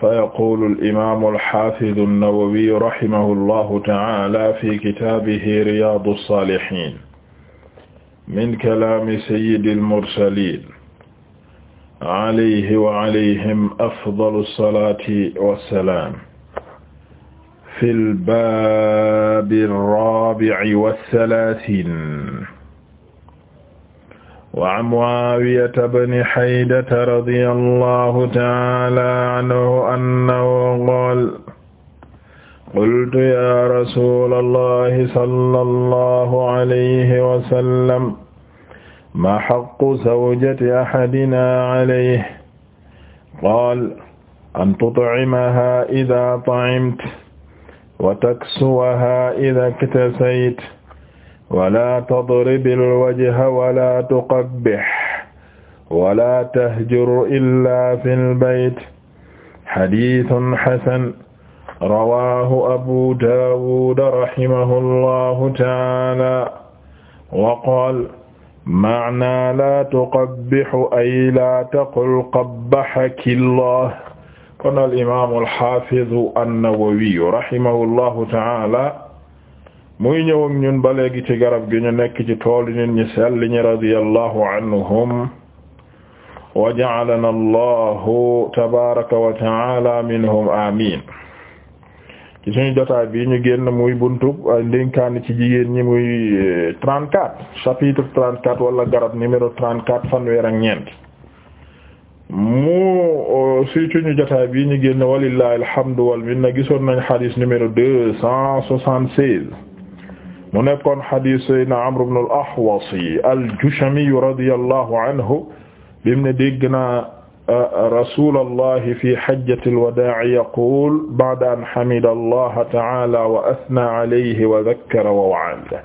fa yaqulu alimamu alxafidu annawawiyu rahimahu allahu taala fi kitaabihi riyaadu alsalihin min kalaami sayyidi almursalin alayhi wa alayhim afdalu alsalati wassalaam fi lbaabi alraabi'i wassalaasiin wa Mu'aawiyata bni Haydata radiyallahu ta'aala anhu annahu qaala qultu yaa rasuulallahi sallallahu alayhi wa sallam maa haqqu zawjati ahadinaa alayhi qaala an tut'imahaa idhaa ta'imta wa taksuwahaa idhaa iktasayta wala tadribil wajha wala tuqabbih wala tahjur illa fil bayt hadithun hasan rawahu abu dawud rahimahullahu ta'ala wa qala ma'na la tuqabbih ay la taqul qabbahaki Allah kon al imam al hafiz an-nawawi rahimahullahu ta'ala mu ngi ñëw ak ñun ba léegi ci garab gi ñu nekk ci tool nit ñi sell ñi radiyallahu anhum wa ja'alana allahu tabaraka wa ta'ala minhum amin ci suñu jotaay bi ñu génn muy buntu ndénkaani ci jigéen ñi muy 34 eh, chapitre 34 wala garab numéro 34 fanweer ak ñeent mu eh, si suñu jotaay bi ñu génn walillahi alhamdu wal minna gisoon nañ hadith mu nekkoon xadiis sayyidina Amr ibn al-Ahwas al-Jushami radiyallahu anhu bim ne dégg naa uh, rasulallahi fi hajjati al-wadaa'i yaqul ba'da an hamida allaha ta'ala wa athna alayhi wa dhakkara wa wa'ada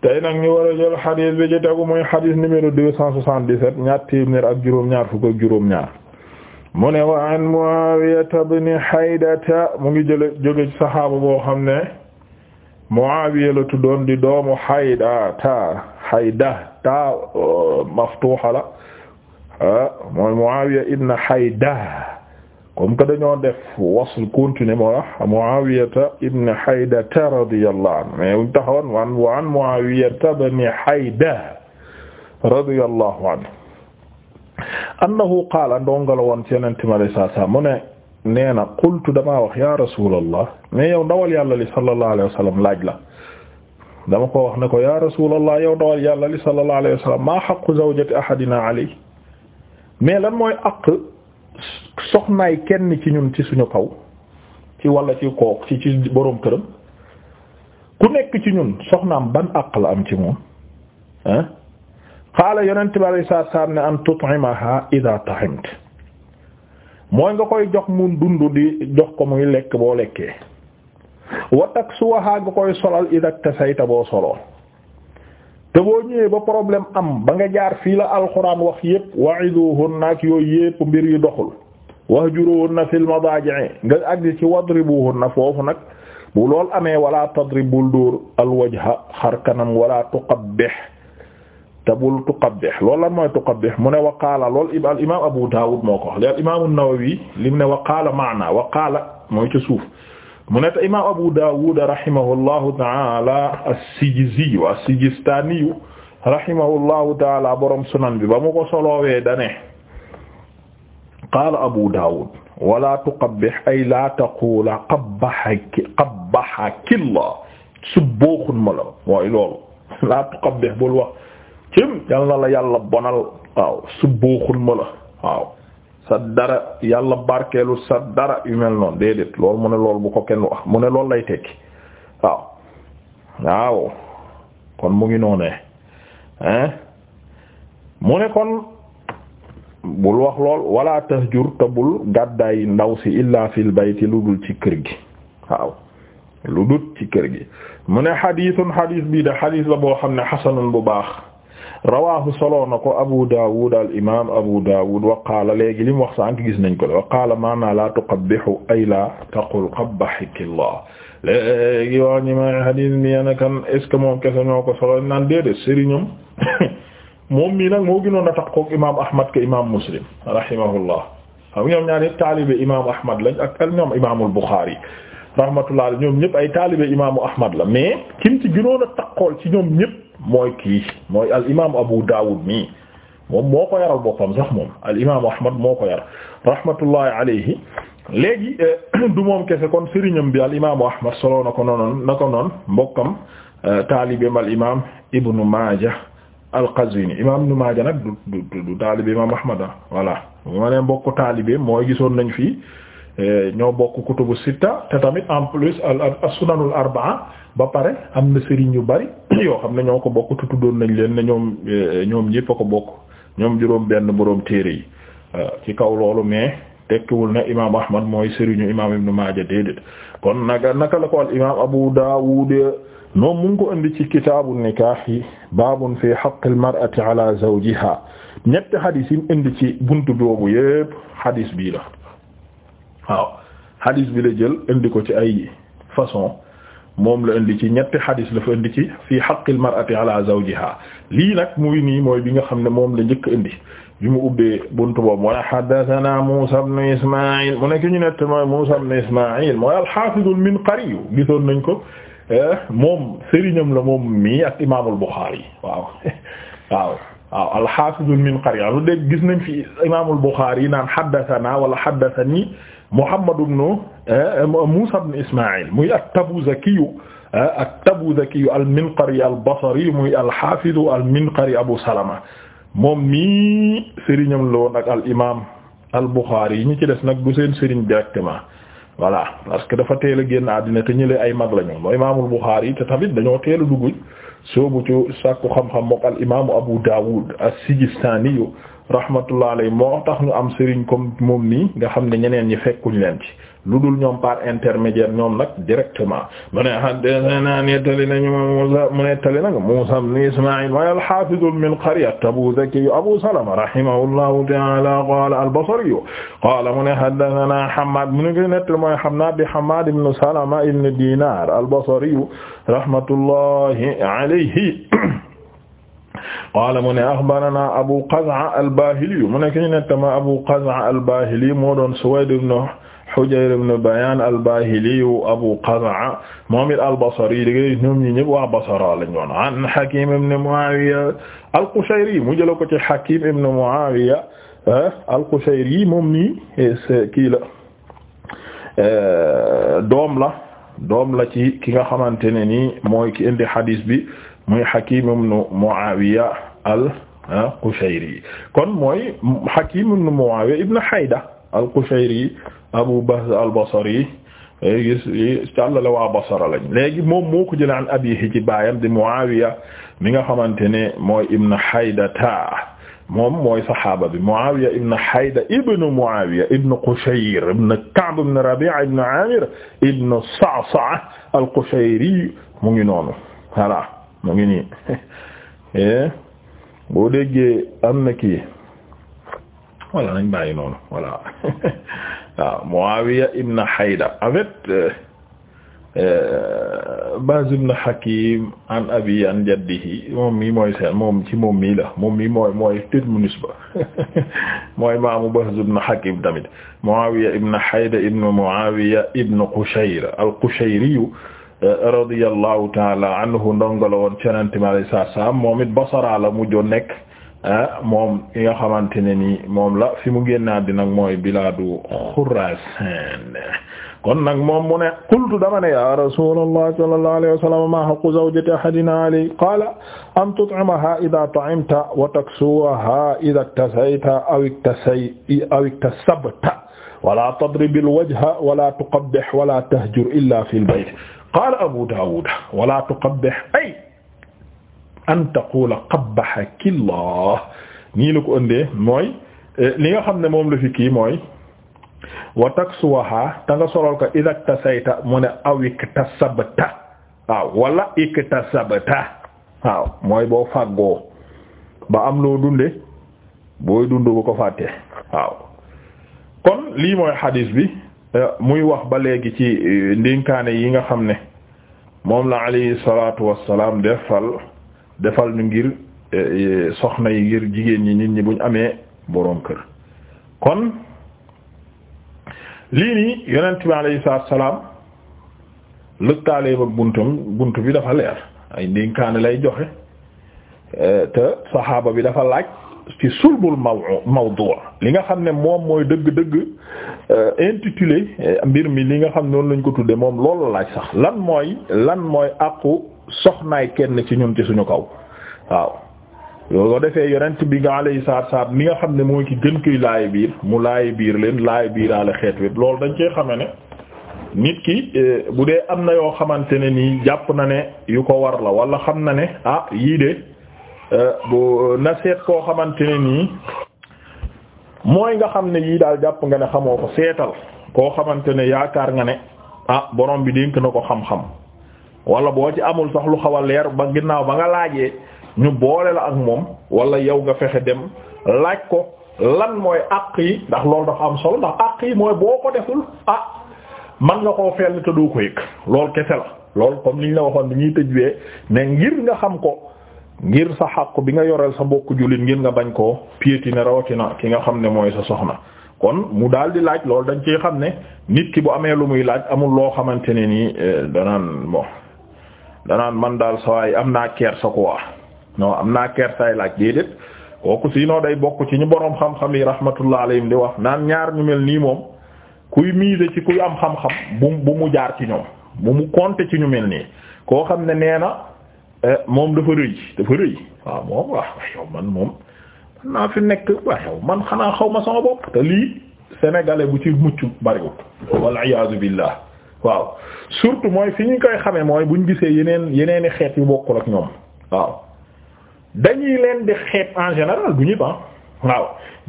tey nag ñu war a jël xadiis bi ci tegu muy xadiis numéro deux cent soixante-dix-sept ñaar téeméer ak juróom-ñaar fukk ak juróom-ñaar mu ne wa an Mu'awiya ibn Haydata mu ngi jële jóge ci saxaaba boo xam ne Muawiya la tuddoon di doomu Hayda ta Hayda ta uh, maftuha la ah, mooy Muawiya ibn Hayda comme que dañoo def wasl continue moo wax Muawiyata ibn Haydata radiyallahu anhu mais wuñ taxawoon anhu annahu qaala ndongal woon ci Yonent mi alayhi salaam mu ne nee na qultu damaa wax ya rasulallah mais yow ndawal yàlla li sallallahu alayhi wa sallam laaj la dama ko wax ne ko ya rasulallah yow ndawal yàlla li sallallahu alayhi wa sallam maa xaqu zawjati ahadina alay mais lan mooy aq soxnay kenn ci ñun ci suñu kaw ci wala ci kook ci ci boroom këram ku nekk ci ñun soxnaam ban aq la am ci moom ah qaala yonent bi alayhi salaam ne an tut'imaha idha tahimt mooy nga koy jox mu dund di jox ko muy lekk boo lekkee wa taksuwaha nga koy solal ida tasayta boo soloo te boo ñëwee ba problème am ba nga jaar fii la alxuraan wax yépp wa'iduhunna naak yooyu yépp mbir yi doxul wahjuruhunna fil madaaji'i nga agsi ci na foofu nag bu lool amee wala tadribul dóor alwajha xar kanam walaa wala tuqabbih te bul tuqabbih loolu lan mooy tuqabbih mu ne waqaala loolu al imaam Abu Daawud moo ko wax al imaam an-Nawawi li mu ne waqaala maana waqaala mooy ca suuf mu ne te imaam Abu Daawud rahimahullahu ta'ala as-Sijizi wa as-Sijistani rahimahullahu ta'ala borom sunan bi ba mu ko soloowee dane qaala Abu Daawud wala tuqabbih ay la taqula qabbahaki qabbahaki Allah subbooxun ma la mooy loolu la tuqabbih bul wax cim yal na la yàlla bonal waaw su booxun ma la waaw sa dara yàlla barkeelu sa dara yu mel noonu déedéet loolu mu ne loolu bu ko kenn wax mu ne loolu lay tekki waaw waaw kon mu ngi noonee hein mu ne kon bul wax lool wala tahjur te bul gàddaay ndaw si illa fil ci lu dul ci kër gi waaw lu dul ci kër gi mu ne xadiisun xadiis bii de xadiis la boo xam ne xasanun bu baax rawaahu solo na ko Abu Dawud al imaam Abu Dawud waqaala léegi li mu wax sànq gis nañ ko de waqaala maanaa laa tuqabbihu ay laa taqul qabbahakillah léegi wax ñu may xadiis bi yéen kan est ce que moom kese ñoo ko solo naan déedéet sëriñam moom mii nag moo gënoon a taqoo ak imaam Ahmad ka imaam Muslim rahimahullah xam ñoom ñaari taalibe imaam Ahmad lañ ak ak ñoom imaamul Bukhari rahmatullah ñoom ñëpp ay taalibe imaamu Ahmad la mais kim ci gënoon a taqool ci ñoom ñëpp. mooy kii mooy al imaamu Abu Dawud nii moom moo ko yaral boppam sax moom al imaamu Ahmad moo ko yar rahmatullahi alayhi léegi euh, du moom kese kon sëriñam bi al imaamu Ahmad solo na ko noonu na ko noonu mbokkam euh, taalibeem al imaam Ibn Maaja al-Qazwini imaam Ibn Maaja nag du du du taalibe imaam Ahmad voilà bu ma nee mbokku gisoon nañ fi euh, ñoo bokk kutubu sitta te tamit en plus as-sunanul arba'a. ba pare am na sëriñ yu bari yoo xam ne ñoo ko bokk te tuddoon nañ leen ne ñoom eh, ñoom ñépp a ko bokk ñoom juróom benn boroom téere yi ah, ci kaw loolu mais tekkiwul ne imaam Ahmad mooy sëriñu imaam Ibn Maaja déedéet kon naka naka la ko al imaam Abu Daawud moom mu ko indi ci kitaabu nikaah yi baabun fi haqqil mar'ati ala zawjiha ñetti xadis yi mu indi ci buntu boobu yépp xadis bii la waaw xadis bi la jël indi ko ci ay façon moom la indi ci ñetti xadis dafa indi ci fii xaqil mar'ati ala zawjiha lii nag mu nii mooy bi nga xam ne moom la njëkk indi bi mu ubbee buntu boobu mu ne haddathana Muusaa ibn Ismaa'il mu nekk ñu nett mooy Muusaa ibn Ismaa'il mooy al-Haafiz al-Minqari nañ ko eh, moom sëriñam la moom mii ak imaamul Buxaari waaw waaw waaw al-Haafiz al-Minqari lu dégg gis nañ fi imaamul Buxaari naan haddathana wala haddathani Muhammad ibn eh, eh, Musa ibn Ismaïl muy at-Tabuzaki eh, at-Tabuzaki al-Minqari al-Basri muy al-Hafiz al-Minqari Abu Salama moom mii sëriñam la woon ak al imaam al-Bukhari yi ñi ci des nag du seen sëriñ directement voilà parce que dafa teel a génn àddina te ñële ay mag lañu mooy imaamul Bukhari te tamit dañoo teel a dugg soobu ci sàkku xam-xam mook al imaamu Abu Dawud as-Sijistani rahmatullah alayhi moo tax ñu am sëriñ comme moom nii nga xam ne ñeneen ñi fekkuñ leen ci lu dul ñoom par intermédiaire ñoom nag directement mu ne haddathana nettali nañu mu nettali nag Muusaa ibn Ismaa'il wa al-Haafiz min qaryat Abu Zakiyyu Abu Salama rahimahullahu ta'ala qala al-Basriyyu qala mu ne haddathana Hammaad mu ngi nettali mooy Hammaad bi Hammaad ibn Salama ibn Dinar al-Basriyyu rahmatullahi alayhi qaala mu ne axbarana abu qaz'a albahili yu mu ne ki ñu nettama abu qaz'a albahili moo doon suwayd ibn hujayr ibn bayan albahili yu abu qaz'a moom it albasari dégg ñoom ñi ñëpp waa basara lañu woon an hakim ibn muawiya alqushayri mu jëla ko ci hakim ibn muawiya ah, alqushayri moom nii eh, kii la eh, doom la doom la ci ki nga xamante ne nii mooy ki indi hadis bi muy Hakim ibn Muawiya al-Qushayri kon mooy Hakim ibn Muawiya ibn Hayda al-Qushayri Abu Bahz al-Basri gis léegi moom moo ko jëlee an abiihi ci baayam di Muawiya mi nga xamante ne mooy ibn Hayda ta moom mooy saxaaba bi Muawiya ibn Hayda ibn Muawiya ibn Qushayr ibn Ka'b ibn Rabi'a ibn Amir ibn Sa'sa'a al-Qushayri mu ngi noonu mu ngi nii eh, boo déggee am na kii voilà nañ bàyyi noonu voilà waaw ah, Muawiya ibn Hayda en fait euh, euh, Baz ibn Hakim an abi an jaddihi moom mii mooy seen moom ci moom mii la moom mii mooy mooy terminus ba mooy maamu Baz ibn Hakim tamit Muawiya ibn Hayda ibn Muawiya ibn Qushayr al-Qushayri Eh, radiyallahu taala anhu ndongolo woon cenanti ma alayhi salaam moom it Basra la mujjoon nekk eh, moom i nga xamante ne ni moom la fi mu génn àddina nag mooy bilaadu Xuraasaan kon nag moom mu ne qultu dama ne ya rasulallah sallallahu alayhi wa sallam ma haqqu zawjati ahadina alayhi qaala an tut'imaha idha ta'imta wa taksuwaha idha iktasayta aw iktasay aw iktasabta wala tadribil wajha wala tuqabbih wala tahjur illa fil bayt qaala Abu Daawuud wala tuqabbih ay an taqula qabbahaki Allah nii la ko ëndee mooy li nga xam ne moom la fi kii mooy wa taksuwaha ta nga solol ko idak tasayta mu ne aw iktasabta waaw wala iktasabta waaw mooy boo fàggoo ba am loo dunde booy dund bu ko fàtte waaw kon lii mooy xadiis bi eh, muy wax ba léegi ci eh, ndénkaane yi nga xam ne moom la alayhi salaatu wassalaam defal defal nu ngir eh, eh, soxna yi ngir jigéen ñi nit ñi buñ amee boroom kër kon lii nii yonent bi alayhi salaatu wassalaam lëkkaalee ba buntum bunt bi dafa leer ay ndénkaane lay joxe eh, te saxaaba bi dafa laaj ci sulbul mawdu' li nga xam ne moom mooy dëgg-dëgg euh, intitulé euh, mbir mi li nga xam noonu lañ ko tudde moom loolu laaj sax lan mooy lan mooy àqu soxnaay kenn ci ñun ci suñu kaw waaw loolu ko defee yonent bi nga alayhi salaatu li nga xam ne mooy ki gën koy laay biir mu laay biir leen laay biiraale xeet wit loolu dañ cee xame ne nit ki euh, bu dee am na yoo xamante ne nii jàpp na ne yu ko war la wala xam na ne ah yii de Euh, bu euh, na seet koo xamante ne nii mooy nga xam ne yii daal jàpp nga ne xamoo ko seetal koo xamante ne yaakaar nga ne ah borom bi dénk na ko xam-xam wala boo ci amul sax lu xaw a leer ba ginnaaw ba nga laajee ñu boole la ak moom wala yow nga fexe dem laaj ko lan mooy àq yi ndax loolu dafa am solo ndax àq yi mooy boo ko deful ah man nga koo fell te doo ko yëg loolu kese la loolu comme liñ la waxoon bi ñuy tëjwee ne ngir nga xam ko ngir sa xàqu bi nga yoreel sa mbokku jullit ngir nga bañ koo piétiner rawatina ki nga xam ne mooy sa soxna kon mu daal di laaj loolu dañ ci xam ne nit ki bu amee lu muy laaj amul loo xamante ne nii eh, danaan bon danaan man daal sawaay am naa kersa quoi non am naa kersaay laaj déedéet kooku sinon day bokk ci ñu boroom xam-xam yi rahmatullah alayhim di wax naan ñaar ñu mel nii moom kuy miise ci kuy am xam-xam bu mu jaar ci ñoom bu mu compter ci ñu mel nii koo xam ne Eh, moom dafa rëy dafa rëy waaw moom waaw man moom man naa fi nekk waaw man xanaa xaw ma sama bopp te lii sénégalais bu ci mucc bariwut wal iyaazu billah waaw surtout mooy fi ñu koy xamee mooy bu ñu gisee yeneen yeneeni xeet yu bokkul ak ñoom waaw dañuy leen di xeet en général du ñëpp ah. waaw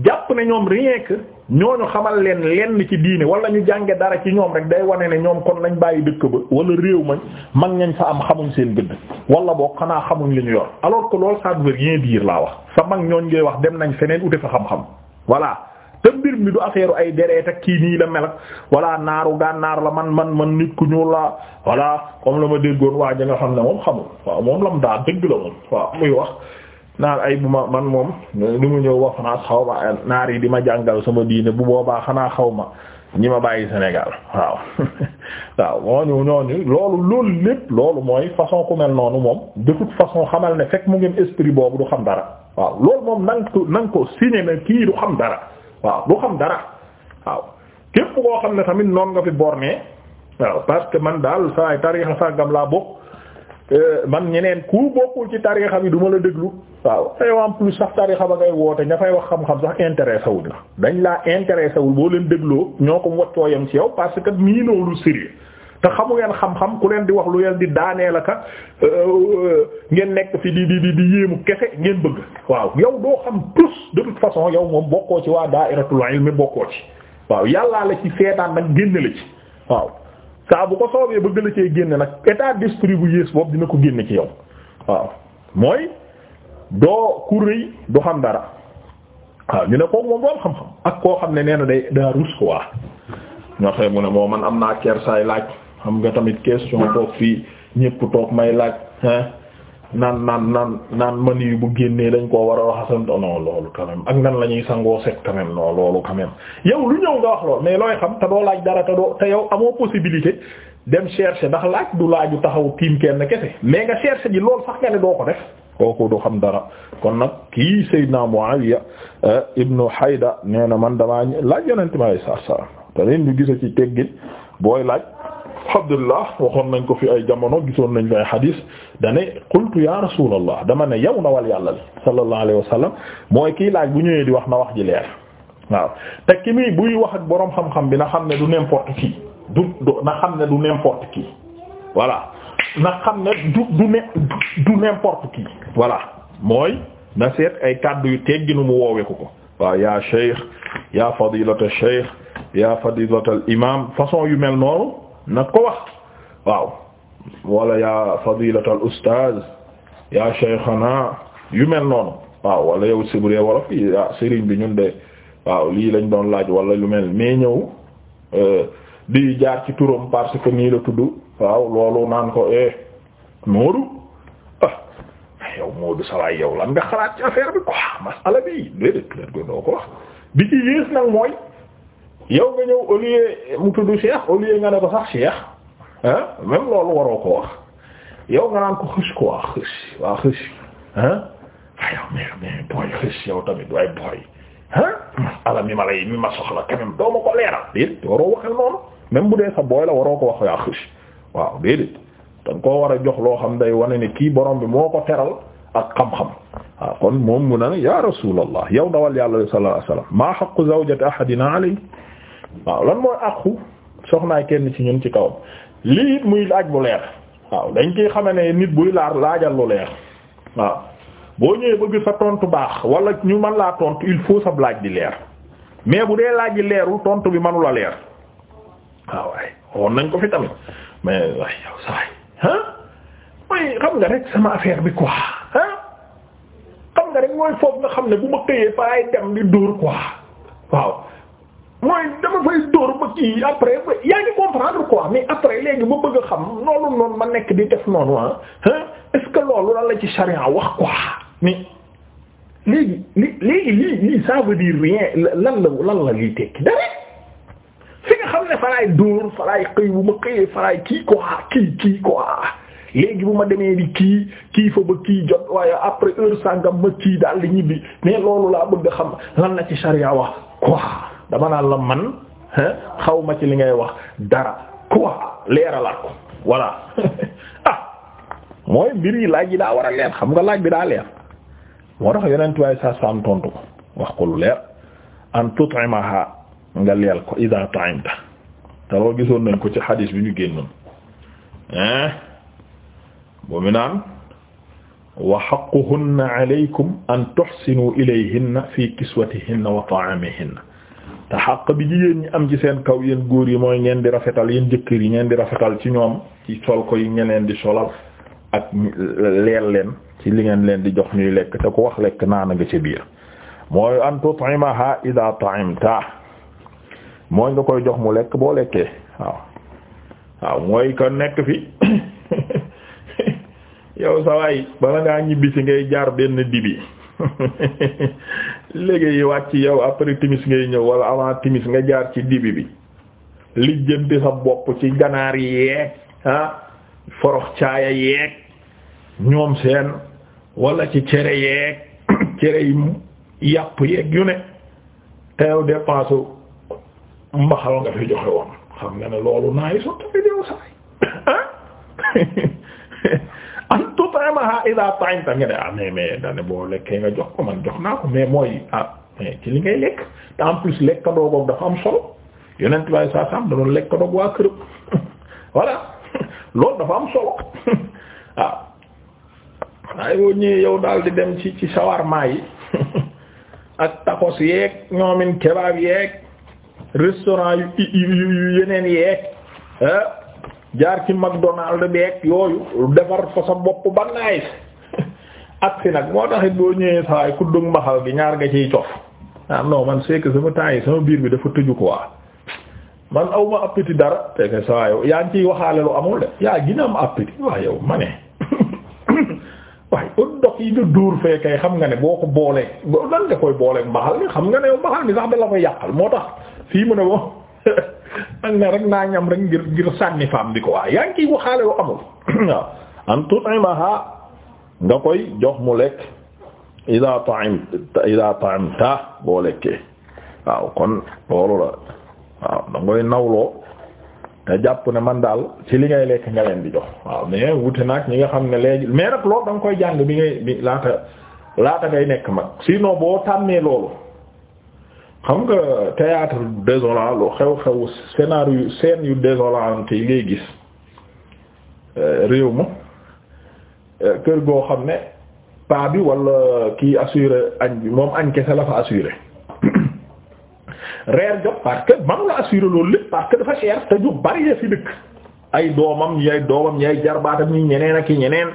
jàpp ne ñoom rien ñooñu xamal leen lenn ci diine wala ñu jànge dara ci ñoom rek day wane ne ñoom kon lañ bàyyi dëkk ba wala réew mañ mag ñañ fa am xamuñ seen gëdd wala boo xanaa xamuñ li ñu yor alors que loolu ça ne veut rien laa wax sa mag ñooñ ngay wax dem nañ feneen ute fa xam-xam voilà te mbir mi du affaire ay dereet ak kii nii la mel ak walla naaru gànnaar la man man man nit ku ñuul la walla comme la ma déggoon waa ja nga xam ne moom xamul waaw moom lam daa la moom waaw wax naan ay bu ma man moom li mu ñëw wax France xaw ma naar yi di ma jàngal sama diine bu boobaa xanaa xaw ma ñi ma bàyyi Sénégal waaw waaw mooñu ñooñu loolu loolu lépp loolu mooy façon ku mel noonu moom de toute façon xamal ne fekk mu ngeen esprit boobu du xam dara waaw loolu moom na ko na nga ko signé ne kii du xam dara waaw du xam dara waaw képp koo xam ne tamit noon nga fi borné waaw parce que man daal saay tarixa sàngam laa bokk Euh, man ñeneen ku bokkul ci tariixa bi du ma la déglu waaw tey en plus sax tariixa ba ngay woote ña fay wax xam-xam sax intéressé wuñ la dañ laa intéressé wul boo leen dégloo ñoo ko waccoo yam ci yow parce que miinoo lu sérieux te xamu ngeen xam-xam ku leen di wax lu leen di daaneel aka euh, euh, ngeen nekk fi di di di di yéemu kese ngeen bëgg waaw yow doo xam tous de toute façon yow moom bokkoo ci waa daa'iratul ilmi bokkoo ci waaw yàllaa la ci seetaan nag génn waaw saa bu ko soobee bëgg la cee génne nag état d'esprit bu yées boobu dina ko génne ci yow waaw mooy doo ku rëy du xam dara waaw ñu ne kooku moom doon xam-xam ak koo xam ne nee na day daa rus quoi ñoo xëy mu ne moo man am naa saay laaj xam nga tamit question toog fii ñépp toog may laaj hein naan naan naan naan mani bu génnee dañ koo war a raxasanto non loolu quand ak nan la ñuy sangoo set quand même non loolu quand yow lu ñëw nga wax lool mais looy xam te doo laaj dara te doo te yow amoo possibilité dem chercher ndax laaj du laaju taxaw tiim kenn kese mais nga chercher ji loolu sax nga ne doo ko def kooku du xam dara kon nag kii Seydina Muawiya eh, ibnu Hayda nee na man damaa laaj yonente ma lay sar sar te leen ñu gisa ci teggin booy laaj Abdullah waxoon nañ ko fi ay jamono gisoon nañ fi ay xadiis dane qultu ya rasulallah dama ne yow na wal yàlla li sallallahu alayhi mooy kii laaj bu ñëwee di wax na wax ji leer waaw te ki muy buy wax ak boroom xam-xam bi na xam ne du n'importe qui du na xam ne du n'importe qui voilà na xam ne du du ne du n'importe mooy na seet ay kàddu yu tegginu mu wooweeku ko waaw yaa cheikh yaa fadilata cheikh yaa fadilata al façon yu mel noonu nag ko wax waaw wala yaa fadilat al ustaaz yaa shaykhana yu mel noonu waaw wala yow si bu dee wolof yi ah, sëriñ bi ñun de waaw lii lañ doon laaj wala lu mel mais ñëw euh, di jaar ci turam parce que nii la tudd waaw loolu naan ko eh Moodu ah yow Moodu sawaay yow lan nga xalaat ci affaire bi quoi masala bi déedéet léegi doo ko wax bi ci yées nag mooy. yow nga ñëw au lieu mu tudd cheikh au lieu nga ne ko sax cheikh ah même loolu waroo ko wax yow nga naan ko xës ko waa xës waa xës ah ayow mais mais booy yow tamit waay bu dee sa booy la waroo ko wax yaa xës waaw déedéet danga koo war a jox loo xam day wane ne kii borom bi moo ko teral ak xam-xam waaw kon moom mu ne ya rasulallah yow dawal yàlla sallallahu alayhi wasallam ma haqqu zawjati ahadina alayhi waaw lan mooy àqu soxnaa kenn ci ñun ci kawam lii it muy laaj bu leer waaw dañ koy xame ne nit buy laar laajal lu leer waaw boo ñëwee bëgg sa tontu baax wala ñu man laa tontu il faut sa laaj di leer mais bu dee laaj di leerul tontu bi mënula leer waaw waaye woon nañ ko fi tamit mais waay xam nga rek sama affaire bi quoi ah xam nga rek mooy foofu nga xam ne bu ma xëyee faay dem di dóor quoi waaw. mooy dama fay dóor ba kii après ba yaa ngi comprendre quoi après léegi ba bëgg a xam loolu noonu ma nekk di def noonu ah est que loolu lan la ci charia wax quoi mais léegi li lan la lan la liy tekki dara nga xam ne faraay dóor faraay xëy ma xëyee faraay kii quoi kii kii quoi léegi bu ma demee di kii kii fa ba kii jot waaye après heure sangam ma kii daal li ñibbi bi loolu laa bëgg a xam lan la ci charia wax dama naan la man xaw ci li ngay wax dara quoi leeralaat ko voilà ah, mooy mbir yi laaj yi daa leer xam nga laaj bi daa leer moo tax yonent waaye saa saam tontu ko wax ko lu leer an tut'imaha nga leel ko idha ta'imta te gisoon nañ ko ci hadis bi ñu génnoon bu mi naan wa haqquhunna alaykum an tuhsinu ilayhinna fi kiswatihinna wa ta'amihinna te xàq bi jigéen ñi am ci seen kaw yéen góor yi mooy ngeen di rafetal yéen jëkkër yi ngeen di rafetal ci ñoom ci sol ko yi ngeen leen di solal ak leel leen ci li ngeen leen di jox ñuy lekk te ku wax lekk naana nga ca biir mooy an tut'imaha idha ta'imta mooy nga koy jox mu lekk boo lekkee waaw waaw mooy ko nekk fi yow sawaay bala ngaa ñibbisi ngay jaar benn dibi léegi yi wàcc yow après timis ngay ñëw wala avant timis nga jaar ci dibi bi lijjanti sa bopp ci ganaar yeeg ah forox caaya yeeg ñoom seen wala ci cere yeeg cere yi yàpp yeeg yu ne te yow dépense mbaxal nga fi joxe woon xam nga ne loolu naa yi soo tax a ñëw an tut'imaha idha ta'imta nga ne ah mais mais dane boo lekkee nga jox ko man jox naa ko mais mooy ah mais ci li ngay lekk te en plus lekkandoo boobu dafa am solo yonent baay saa saam da doon lekkandoo dafa am solo waaw ah. waaye boo daal di dem ci ci shawarma yi ak tacos yeeg ñoomin kebab yeeg restaurant yu yu yu yeneen yeeg ah. jaar ci McDonald beeg yooyu defar fa sa bopp ba naay ak si nag moo taxit boo ñëwee sawaay kuddug mbaxal gi ñaar nga ciy cof ah non man c'est que sama temps yi biir bi dafa tëju quoi man aw ma appétit dara te que yaa ngi ciy waxaale lu amul de yaa gina appétit waaye yow ma ne waaye ut ndox yi nga dóor fee xam nga ne boo ko boolee lan nga koy boolee mbaxal mi xam nga ne yow mbaxal mi sax da la koy yàqal moo tax fii mu ne boo ak ne rek naa ñam ngir ngir sànni faam bi ko waa yaa ngi ciy waxaale lu amul waaw an tut'imaha nga koy jox mu lekk ida ta'im ida ta'imta boo lekkee kon loolu la ngoy nawloo te jàpp ne man daal ci li ngay lekk nga leen di jox waaw mais wute naag ñi nga xam ne léegi mais rek loolu da koy jàng bi ngay laata ngay nekk mag sinon boo tànnee loolu xam nga théâtre désolant lu xew-xew scénario scène yu désolante yi ngay gis euh, réew ma euh, kër goo xam ne paa bi wala kii assuré añ bi moom añ kese la fa assuré reer jot parce que man la assuré loolu lépp parce que dafa cher te ñu bari fi dëkk ay doomam ñi doomam ñi jarbaatam ñi ñeneen ak ñeneen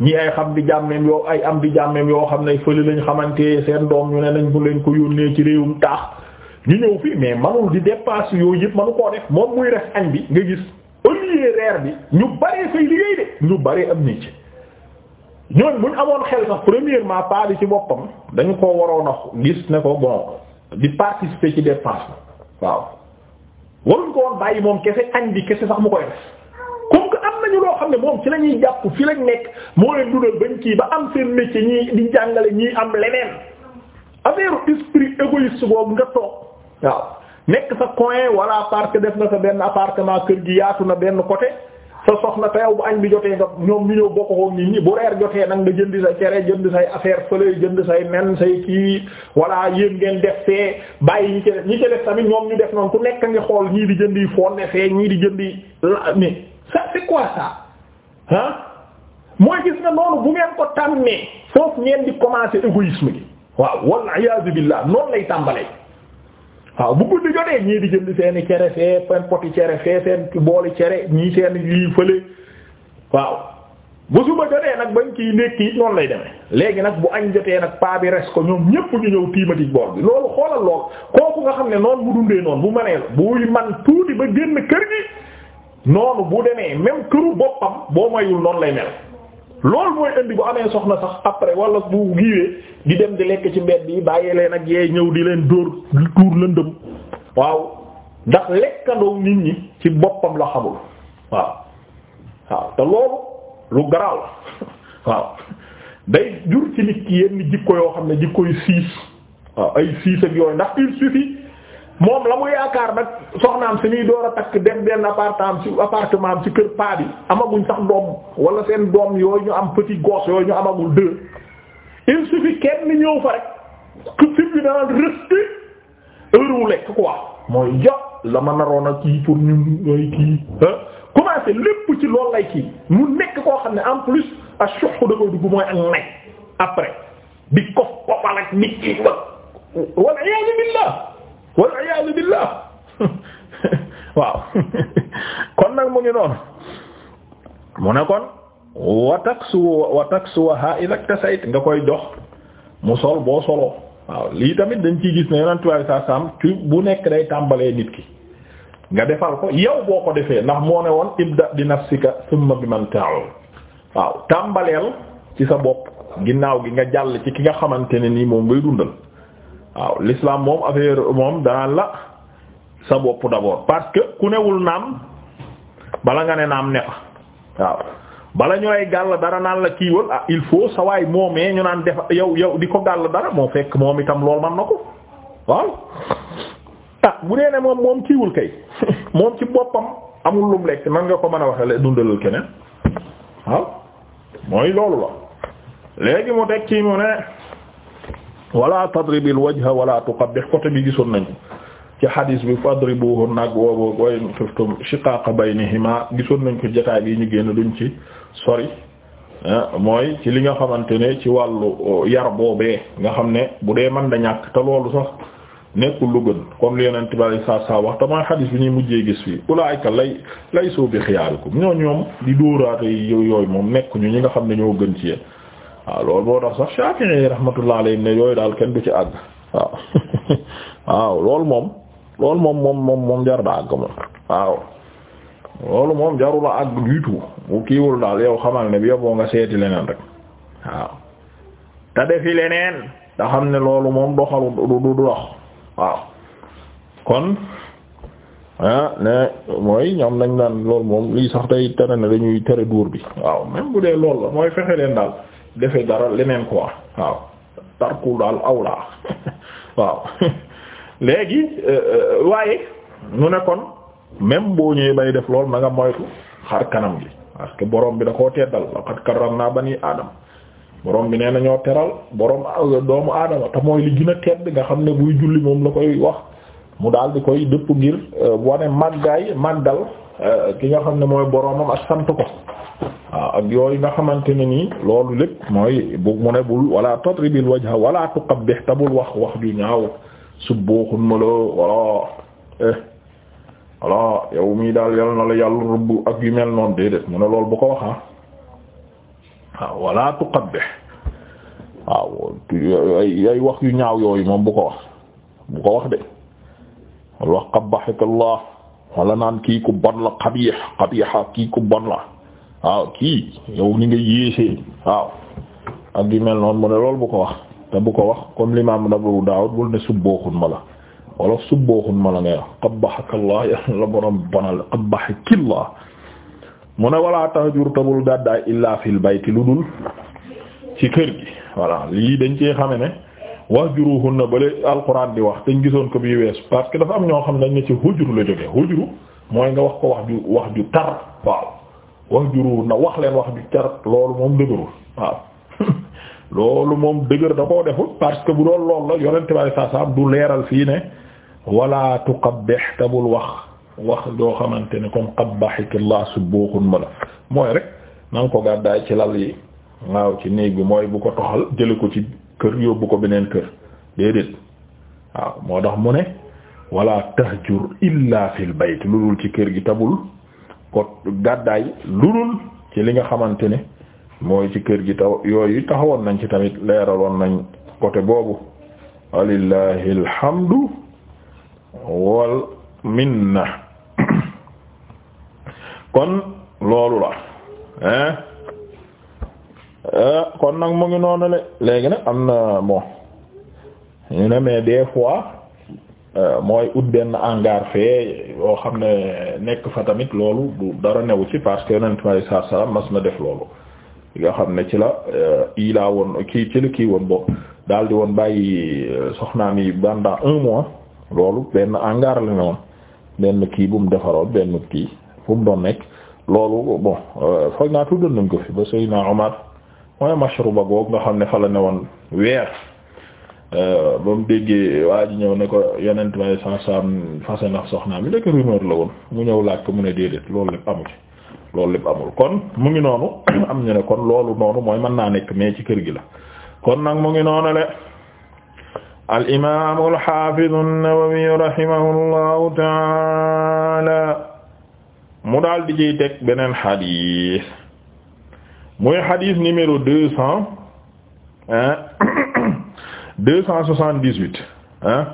ñi ay xam di jàmmeem yoo ay am di jàmmeem yoo xam ne fële lañu xamante seen doom ñu ne nañ ko leen ko yónnee ci réewum taax ñu ñëw fii mais manul di dépasse yooyu yëpp manu koo def moom muy def añ bi nga gis au reer bi ñu baree fay liggéey de ñu baree am ni ci ñoon buñ amoon xel sax premièrement pas bi ci boppam dañu ko waroon a gis ne ko bon di participer ci dépense waaw waruñ ko woon bàyyi moom kese añ bi kese sax mu koy def comme que am nañu loo xam ne moom ci la ñuy jàpp fi lañ nekk moo leen dundal bañ kii ba am seen métier ñii di jàngale ñii am leneen affaire esprit égoïste boobu nga toog waaw nekk sa coin wala parce def na sa benn appartement kër gi yaatu na benn côté sa soxna te yow bu añ bi jotee nga ñoom ñu ñëw bokk ko nit ñi bu reer jotee nag nga jënd sa cere jënd say affaire fële jënd say nen say kii wala yéen ngeen def fee bàyyi ñi ci def tamit ñoom ñu def noonu ku nekk nga xool ñii di jëndi fonde fee ñii di jëndi la ça c'est quoi ça ah mooy gis nga noonu bu ngeen ko tàmmee foofu ngeen di commencer égoïsme gi waaw wal iyaazu billaah noonu lay tàmbalee waaw bu guddi jotee ñii di jënd seeni cere fee seen poti cere fee seen booli cere ñii seen lii fële waaw bu suba jotee nag bañ ciy nekk it noonu lay demee léegi nag bu añ jotee nag paa bi res ko ñoom ñépp ñu ñëw tiimati bool bi loolu xoolal lool kooku nga xam ne noonu mu dundee noonu bu manee buy man tuuti ba génn kër gi noonu bu demee même këru boppam boo mayul noonu lay mel loolu mooy indi bu amee soxna sax après wala bu giwee di dem di lekk ci mbedd yi bàyyee leen ak yee ñëw di leen dóor tuur lëndëm waaw ndax lekkandoo nit ñi ci boppam la xamul waaw waaw te loolu lu garaaw waaw day jur ci nit ki yenn jikko yoo xam ne jikko yu siis waaw ay siis ak yooyu ndax il suffit moom la mu yaakaar nag soxnaam si muy door a takk dem benn appartement ci appartement ci kër paa bi amaguñ sax doom wala seen doom yooyu ñu am petit gosse yooyu ñu amagul deux il suffit kenn ñëw fa rek ku fi bi daan rësti heure wu lekk quoi mooy jox la ma naroon a kii pour ñun ñooy kii ah commencé lépp ci loolu lay kii mu nekk koo xam ne en plus a suq da koy dugg mooy ak nay après di kof kopal ak nit ki wala yaa billah wal iyaadu billah waaw kon nag mu ngi noonu mu ne kon wa taksu wa taksuha idha iktasayt nga koy jox mu sol boo soloo waaw lii tamit dañ ciy gis ne yonentu saa saam ci bu nekk day tàmbalee nit ki nga defal ko yow boo ko defee ndax moo ne woon ibda bi nafsika thumma bi man ta'ul waaw tàmbaleel ci sa bopp ginnaaw gi nga jàll ci ki nga xamante ne nii moom ngay dundal waaw l'islam moom affaire moom danaan la sa bopp d'abord parce que ku newul naam bala nga ne naam ne fa waaw bala ñu lay gàll dara naan la kiiwal ah il faut sa waay moomee ñu naan def yow yow di ko gàll dara moo fekk moom itam lool man na ko waaw ah bu dee ne moom moom kiiwul kay moom ci boppam amul lum lekk nan nga ko mën a waxee dundalal keneen waaw mooy loolu la léegi mu teg ci mu ne wala tadribil wajha wala tuqabbih côté bi gisoon nañu ci hadis bi fadribuhunna nag boobu wa in xiftum shiqaaqa baynihima gisoon nañ ko jotaay bi ñu génn duñ ci sori ah, mooy ci li nga xamante ne ci wàllu uh, yar boobee nga xam ne bu dee mën da ñàkk te loolu sax nekkul lu gën comme li yeneen tubaab yi saa saa wax te mooy hadis bi ñuy mujjee gis fii ulaayka lay lay soo bi xiyaarikum ñoo ñoom di dóoraate yooyu moom nekkuñu ñi nga xam ne ñoo gën ci yéen waaw loolu moo tax sax Shafi'i rahmatullah alayhi ne yooyu daal kenn du ci àgg waaw waaw loolu moom loolu moom moom moom jar da àgg moom waaw loolu moom jarul a àgg du tout bu kiiwul daal yow xamal ne bi yoboo nga seeti leneen rek waaw te defi leneen da xam ne loolu moom doxalu du du dox waaw kon ah ne mooy ñoom nañ naan loolu moom lii sax tey tere na dañuy tere duur bi waaw même bu dee loolu la mooy fexe leen daal defe dara leneen quoi waaw tarku daal awlaa waaw léegi euh, euh, waaye nu nekkoon kon même boo ñëwee bay def lool na nga moytu xar kanam gi parce que bi da koo teddal naa karramna bani aadama borom bi nee nañoo teral boroom aw euh, doomu aadama te mooy li gën a tedd nga xam ne buy julli moom la koy wax mu daal di koy dëpp ngir wane màggaay màggal ki nga xam ne mooy boromam ak sant ko waaw ah, ak yooyu nga xamante ne nii loolu lépp mooy bu mu ne bul wala tadribil wajha wala tuqabbih te wax wax ju ñaaw subbooxun ma la wala eh wala yow mii daal yal na la ak yu mel noonu déedéet mu ne loolu bu ko waxaa ah. ah, waaw wala tuqabbih ay wax yu ñaaw yooyu moom bu ko wax bu wax de wala wax qabbahaka Allah wala naan kii ku bon la qabiih qabiiha kii la waaw kii yow ni nga yéesee waaw ak gi mel noonu mu ne lool bu ko wax te bu ko wax comme l'imam Abu Dawud bul ne subbooxun ma la wala subbooxun ma la ngay wax qabbahakallaa yàlla borom bonal la mu ne walaa tahjur tabul gàddaay illaa fil bayti lu dul ci kër gi voilà lii dañ cee xame ne wahjuruhunna bale alquran di wax dañ gisoon ko bii weesu parce que dafa am ñoo xam ne dañ ne ci hujru la jógee hujru mooy nga wax ko wax ju wax ju tar wax juróom na wax leen wax bi car loolu moom dëgërul waaw loolu moom dëgër da koo deful parce que bu doon loolu la yonent bi saa saa du leeral fii ne wala tuqabbih tabul wax wax joo xamante ne comme qabbahakillah subbuuxun ma la mooy rek na nga ko gàddaay ci lal yi waaw ci néeg bi mooy bu ko toxal jële ko ci kër yóbbu ko beneen kër déedéet waaw moo tax mu ne wala tahjur illa fil bayt lu dul ci kër gi tabul ko gàddaay lulul ci li nga xamante ne mooy ci kër gi taw yooyu taxawoon nañ ci tamit leeraloon nañ côté boobu walillahi alhamdu wal minna kon loolu la hein eh, kon nag mu ngi noonu le léegi nag am na bon ñu ne mais des Euh, mooy ut benn hangar fee yoo xam ne nekk fa tamit loolu du dara newu ci parce que yonent bi alayhi mas na def loolu li nga xam ne ci la euh, ilaa woon kii ci la kii woon boo daal di woon bàyyi euh, soxnaam yi pendant un mois loolu benn hangar la ne woon benn kii bu mu defaroon benn kii fu doon nekk loolu bon foog naa tuddoon nañ ko fi ba Seydina Omar mooy mashruba goog nga xam ne fa la ne woon weer Euh, ba mu déggee waa ji ñëw ne ko yonent may sarsam fase na mi nekk rumeur la woon mu ñëw laaj ko mu ne déedéet loolu lépp amu ci loolu lépp amul kon mu ngi noonu am ñu ne kon loolu noonu mooy mën naa nekk mais ci kër gi la kon nag mu ngi noonu le al imaamu al xaafidu an-Nawawi rahimahullahu taala mu daal di ciy teg beneen xadiis muy xadiis numéro deux cent deux cent soixante-dix-huit ah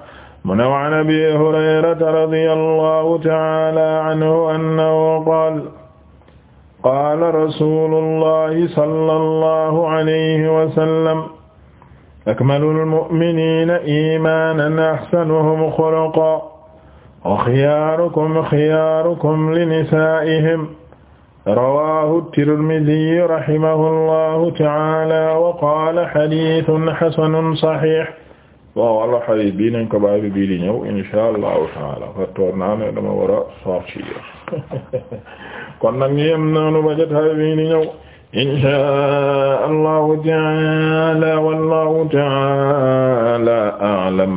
mu ne wa an abi hurayrata radiyallahu ta'ala anhu annahu qaala qaala rasulullahi sallallahu alayhi wa sallam akmalul mu'minina imanan ahsanuhum xuluqan wa xiyaarukum xiyaarukum li nisaa'ihim rawaahu tirmidiyu rahimahullahu ta'ala wa qaala hadiisun hasanun sahiih waaw wala xadis bii nañ ko bàyyi bi bii di ñëw insha allahu taala fattoor naa ne dama war a sorti kon nag ñu yem noonu ba jotaay bii di ñëw insha allahu taala wallahu taala a'lam